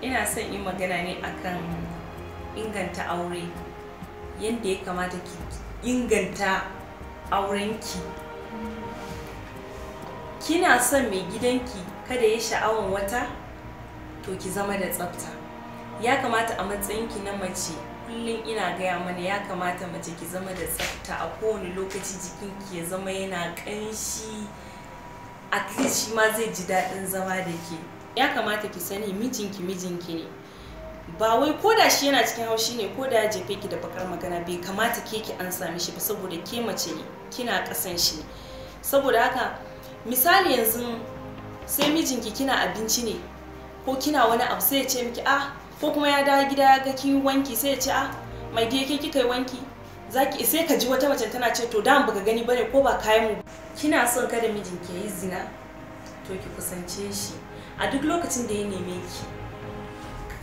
ina son yi magana ne akan inganta aure yadda ya kamata ki inganta aurenki kina son mai gidanki kada ya sha'awan wata to ki zama da tsafta ya kamata a matsayinki na mace kullum ina gaya mana ya kamata mace ki zama da tsafta a kowane lokaci jikin ki ya zama yana ƙanshi at least shi ma zai ji daɗin zama da ke ya kamata ki sani mijinki mijinki ne ba wai ko da shi yana cikin haushi ne ko da ya jefe ki da bakar magana bai kamata ke ki an sami shi ba saboda ke mace ne kina kasan shi ne saboda haka misali yanzu sai mijinki kina abinci ne ko kina wani abu sai ya ce miki ah ko kuma ya dawo gida ya ga kin wanki sai ya ce ah mai gida kika yi wanki zaki sai ka ji wata mace tana ce to da baka gani bane ko ba kayan mu kina son kada mijinki yayi zina to ki kusance shi a duk lokacin da ya neme ki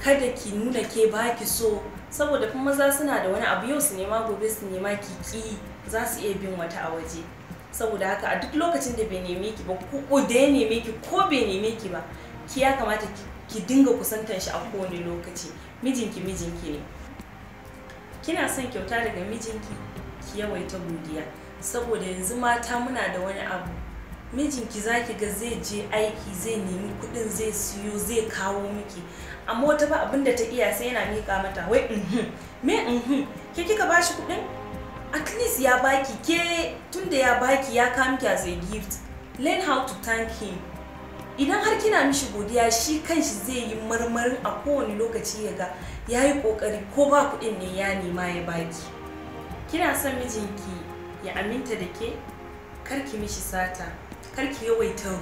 kada ki nuna ke ba ki so saboda kuma maza suna da wani abu yau su nema gobe su nema ki ki za su iya bin wata a waje saboda haka a duk lokacin da bai neme ki ba ko da ya neme ki ko bai neme ki ba ki ya kamata ki dinga kusantar shi a kowane lokaci mijinki mijinki ne kina son kyauta daga mijinki ki yawaita godiya saboda yanzu mata muna da wani abu mijinki zaki ga zai je aiki zai nemi kuɗin zai siyo zai kawo miki amma wata ba abinda ta iya sai yana mika mata wai me ke kika bashi kuɗin at least ya baki ke tunda ya baki ya kamki miki as a gift learn how to thank him idan har kina mishi godiya shi kanshi zai yi marmari a kowane lokaci ya ga ya yi kokari ko ba kuɗin ne ya nema ya baki kina son mijinki ya aminta da ke Kar ki mishi sata kar ki yawaita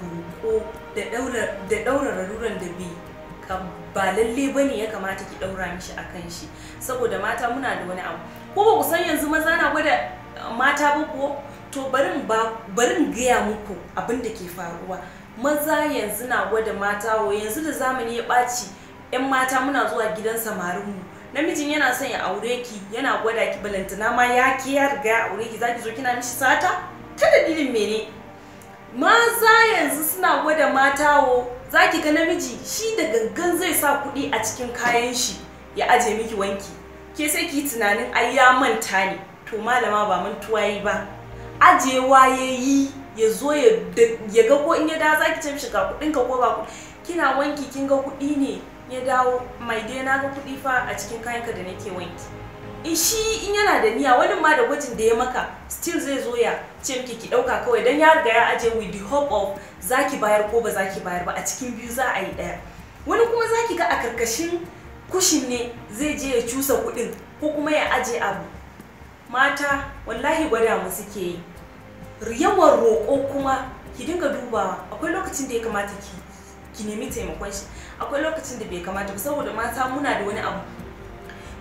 roƙo da ɗaura laruran da bi ba lalle ba ne ya kamata ki ɗaura mishi a kan shi saboda mata muna da wani abu ko ba ku san yanzu maza na gwada mata ba ko to barin gaya muku abin da ke faruwa maza yanzu na gwada mata wa yanzu da zamani ya ɓaci 'yan mata muna zuwa gidan samarin mu. namijin yana son ya aure ki yana gwada ki balantana ma ya ki ya riga aure ki zaki zo kina mishi sata ta dalilin mene maza yanzu suna gwada mata zaki ga namiji shi da gangan zai sa kuɗi a cikin kayan shi ya aje miki wanki ke sai ki tunanin ai ya manta ne to malama ba mantuwa yi ba ajewa ya yi ya zo ya ga ko in ya dawo za ki ce mishi ga kuɗin ko ba kina wanki kin ga kuɗi ne ya dawo mai dai na ga kuɗi fa a cikin kayanka da nake wanki in shi in yana da niyya wani ma da gwajin da ya maka still zai zo ya ce miki ki dauka kawai dan ya riga ya aje with the hope of zaki bayar ko ba zaki bayar ba a cikin biyu za a yi daya wani kuma zaki ga a karkashin kushin ne zai je ya cusa kudin ko kuma ya aje abu mata wallahi gwada mu suke yi yawan roƙo kuma ki dinga dubawa akwai lokacin da ya kamata ki ki nemi taimakon shi akwai lokacin da bai kamata ba saboda mata muna da wani abu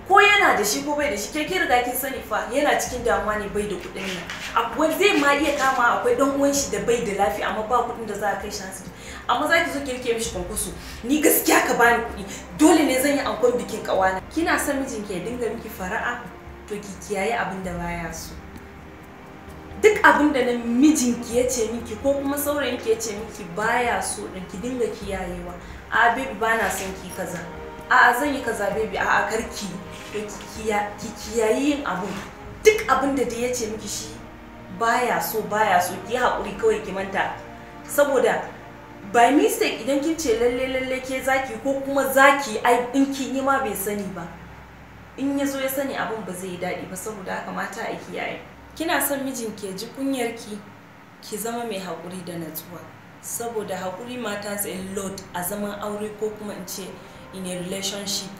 ko yana da shi ko bai da shi ke riga kin sani fa yana cikin damuwa ne bai da kuɗin nan akwai zai ma iya kama akwai dan uwan shi da bai da lafiya amma ba kuɗin da za a kai shi asibiti amma za zo kirke mishi kunkusu ni gaskiya ka bani kuɗi dole ne zan yi ankon bikin kawana kina son mijinki ya dinga miki fara'a to ki kiyaye abin da baya so duk abin da na mijinki ya ce miki ko kuma saurayinki ya ce miki baya so ɗin ki dinga kiyayewa a baby bana son ki kaza a'a zan yi kaza baby a'a karki ki kiyaye yin abu. duk abin da ya ce miki shi baya so baya so ki hakuri kawai ki manta saboda by mistake idan kin ce lalle lalle ke zaki ko kuma zaki ai in kin yi ma bai sani ba in ya zo ya sani abin ba zai yi daɗi ba saboda haka mata a kiyaye kina son mijin ke ji kunyar ki ki zama mai hakuri da natsuwa saboda hakuri mata tsayin lord a zaman aure ko kuma in ce in a relationship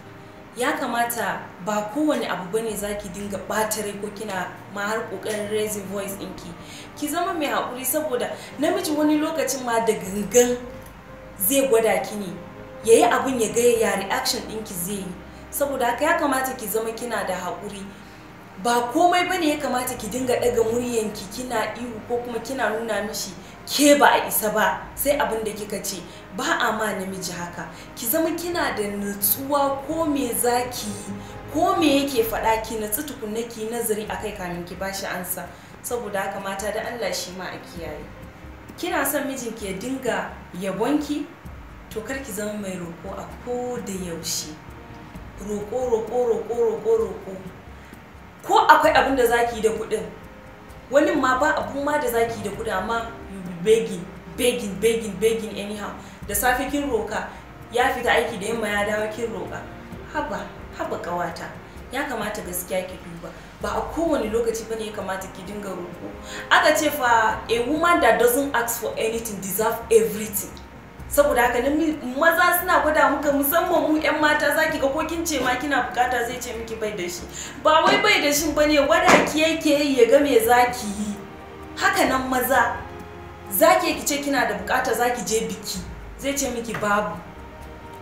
ya kamata ba kowane abu bane zaki dinga bata rai ko kina ma har ƙoƙarin raise voice inki ki zama mai haƙuri saboda namiji wani lokacin ma da gangan zai gwada ki ne ya yi ya ga ya reaction ki zai yi saboda haka ya kamata ki zama kina da haƙuri ba komai bane ya kamata ki dinga daga muryanki kina ihu ko kuma kina nuna mishi ke ba a isa ba sai abin da kika ce ba a ma namiji haka ki zama kina da nutsuwa ko me zaki ko me yake faɗa ki natsu tukunna ki nazari akai kamin ki bashi ansa saboda haka mata da Allah shi ma a kiyaye kina son mijinki ya dinga yabonki to kar ki zama mai roko a ko da yaushe roko roko roko roko roko ko akwai abin da zaki da kudin wani ma ba abun ma da zaki da kudin amma you begging begging begging begging anyhow da safe kin roka ya fita aiki da yamma ya dawo kin roka haba haba kawata ya kamata gaskiya ki duba ba a kowane lokaci bane ya kamata ki dinga roko aka ce fa a woman that doesn't ask for anything deserve everything saboda haka nan maza suna gwada muka musamman mu yan mata zaki ga ko kin ce ma kina bukata zai ce miki bai da shi ba wai bai da shi bane gwada ki yake ya ga me zaki yi haka nan maza zaki ki ce kina da bukata zaki je biki zai ce miki babu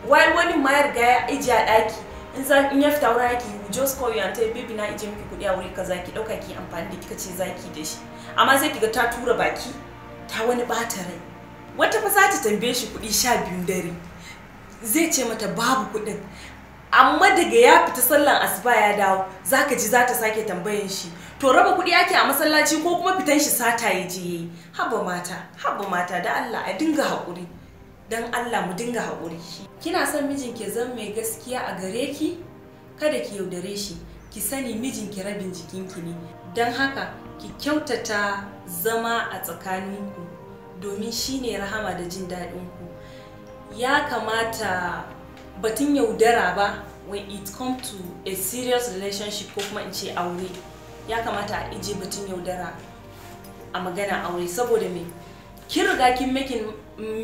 wai wani ma ya riga ya ije a daki in za in ya fita wurin aiki you just call you and tell baby na ije miki kuɗi a wuri kaza ki dauka ki amfani da kika ce zaki da shi amma sai ga ta tura baki ta wani bata rai wata fa za ta tambaye shi kuɗi sha biyu dare zai ce mata babu kuɗin amma daga ya fita sallan asuba ya dawo zaka ji za ta sake tambayan shi to raba kuɗi ake a masallaci ko kuma fitan shi sata ya je yayi haba mata haba mata da Allah a dinga haƙuri dan Allah mu dinga haƙuri kina son mijin ke zan mai gaskiya a gare ki kada ki yaudare shi ki sani mijin ki rabin jikinki ne dan haka ki kyautata zama a tsakaninku domin shi ne rahama da jin daɗin ku ya kamata batun yaudara ba when it come to a serious relationship ko kuma in ce aure ya kamata a ije batun yaudara a magana aure saboda me kin riga kin making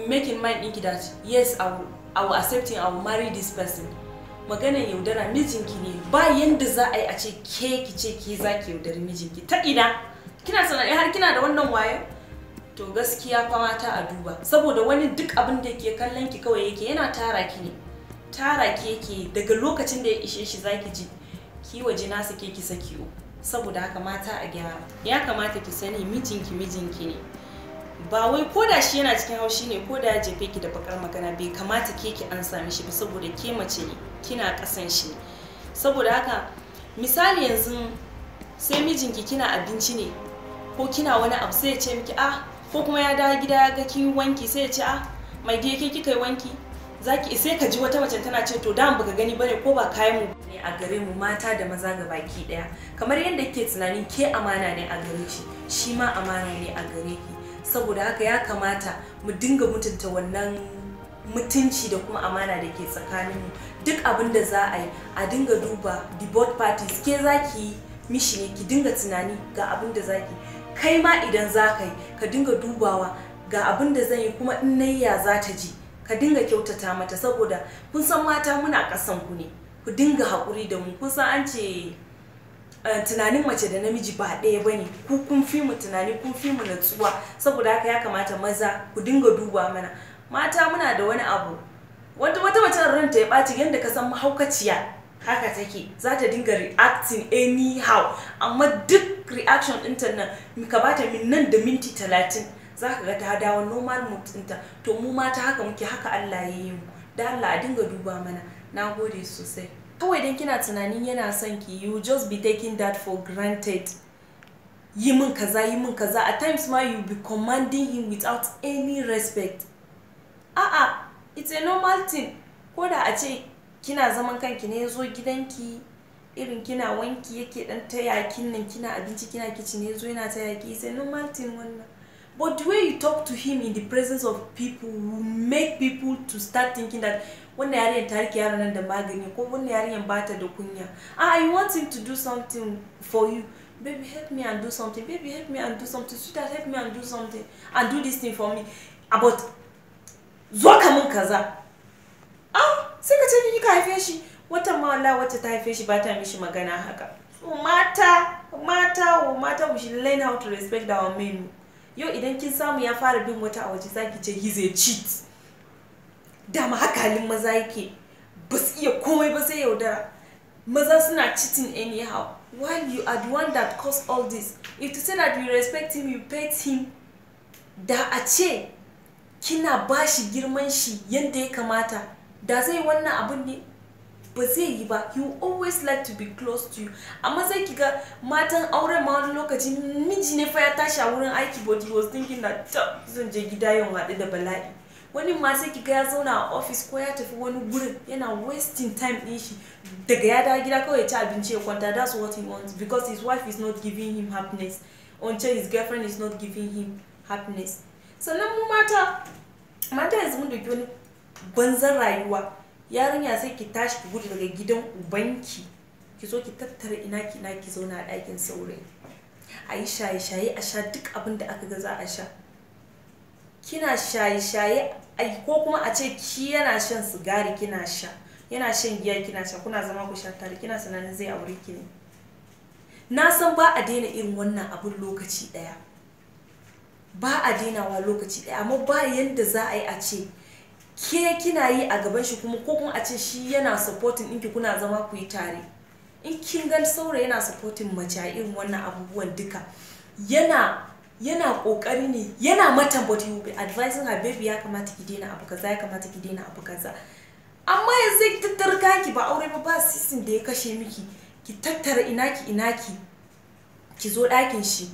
making mind ɗinki that yes I will, I will I will marry this person maganan yaudara mijinki ne ba yanda za a yi a ce ke ki ce ke za ki yaudari mijinki ta ina kina sana'i har kina da wannan wayo to gaskiya fa mata a duba saboda wani duk abin da ke kallon ki kawai yake yana tara ki ne tara ki yake daga lokacin da ya ishe shi zaki ji ki waje na sake ki saki saboda haka mata a gyara ya kamata ki sani mijinki mijinki ne ba wai ko da shi yana cikin haushi ne ko da ya jefe ki da bakar magana bai kamata ke ki an sami shi ba saboda ke mace ne kina kasan shi saboda haka misali yanzu sai mijinki kina abinci ne ko kina wani abu sai ya ce miki ah ko kuma ya dawo gida ya ga ki wanki sai ya ce ah mai ke kika yi wanki zaki sai ka ji wata mace tana ce to dan baka gani bane ko ba kayan mu ne a gare mu mata da maza ga baki daya kamar yadda kike tunanin ke amana ne a gare shi shi ma amana ne a gare ki saboda haka ya kamata mu dinga mutunta wannan mutunci da kuma amana da ke tsakanin mu duk abin da za a yi a dinga duba the both parties ke zaki mishi ne ki dinga tunani ga abin da zaki kai ma idan za ka yi ka dinga dubawa ga abin da zan yi kuma in ya za ta ji ka dinga kyautata mata saboda kun san mata muna kasan ku ne ku dinga haƙuri da mu kun san an ce eh, tunanin mace da namiji ba ɗaya ba ne ku kun fi mu tunani kun fi mu natsuwa saboda haka ya kamata maza ku dinga duba mana mata muna da wani abu wata mace ranta ya ɓaci yadda ka san mahaukaciya haka take za ta dinga reacting anyhow amma duk reaction ɗinta nan ka bata min nan da minti talatin za ka ga ta dawo normal mood ɗinta to mu mata haka muke haka Allah ya yi mu da Allah a dinga duba mana na gode sosai kawai dan kina tunanin yana son ki you just be taking that for granted yi min kaza yi min kaza at times ma you be commanding him without any respect a'a it's a normal thing ko da a ce kina zaman kanki ne zo gidanki irin kina wanki yake dan tayakin nan kina abinci kina kici ne zo yana tayaki sai normal martin wannan but the way you talk to him in the presence of people will make people to start thinking that wannan yarinyar ta rike yaran nan da magani ko wannan yarinyar ba ta da kunya ah i want him to do something for you baby help me and do something baby help me and do something sweetheart help me and do something and do this thing for me about ah, zo ka mun kaza sai ka ce ni ka haife shi wata ma wallahi wacce ta haife shi ba ta mishi magana haka mata mata oh mata we should learn how to respect our men yau idan kin samu ya fara bin wata a waje zaki ce he's a cheat ma haka halin maza yake ba su iya komai ba sai yaudara maza suna cheating anyhow while you are the one that caused all this if to say that you respect him you pet him da a ce kina bashi girman shi yadda ya kamata da zai wannan abun ne ba zai yi ba you will always like to be close to you amma sai ga matan auren ma wani lokaci miji ne fa ya tashi a wurin aiki but he was thinking that zan je gida yau haɗu da bala'i wani ma sai ga ya zauna a office ko ya tafi wani gurin yana wasting time ɗin shi daga ya dawo gida kawai ya ci abinci ya kwanta that's what he wants because his wife is not giving him happiness until his girlfriend is not giving him happiness sannan mu mata mata yanzu mun dauki wani banzan rayuwa yarinya sai ki tashi ki gudu daga gidan ubanki ki zo ki tattara ina ki na ki zauna a ɗakin saurayi a yi shaye-shaye a sha duk abin da aka ga za a sha kina shaye-shaye ko kuma a ce ki yana shan sigari kina sha yana shan giya kina sha kuna zama ku sha tare kina sanannen zai aure ki ne na san ba a daina irin wannan abun lokaci ɗaya ba a dainawa lokaci ɗaya amma ba yanda za a yi a ce ke kina yi a gaban shi kuma ko kuma a ce shi yana supporting ɗinki kuna zama ku yi tare in kin gan saura yana supporting mace a irin wannan abubuwan duka yana yana kokari ne yana mata but you be advising her baby ya kamata ki daina abu kaza ya kamata ki daina abu kaza amma yanzu ki tattara ki ba aure ba ba sisin da ya kashe miki ki tattara inaki inaki ki zo ɗakin shi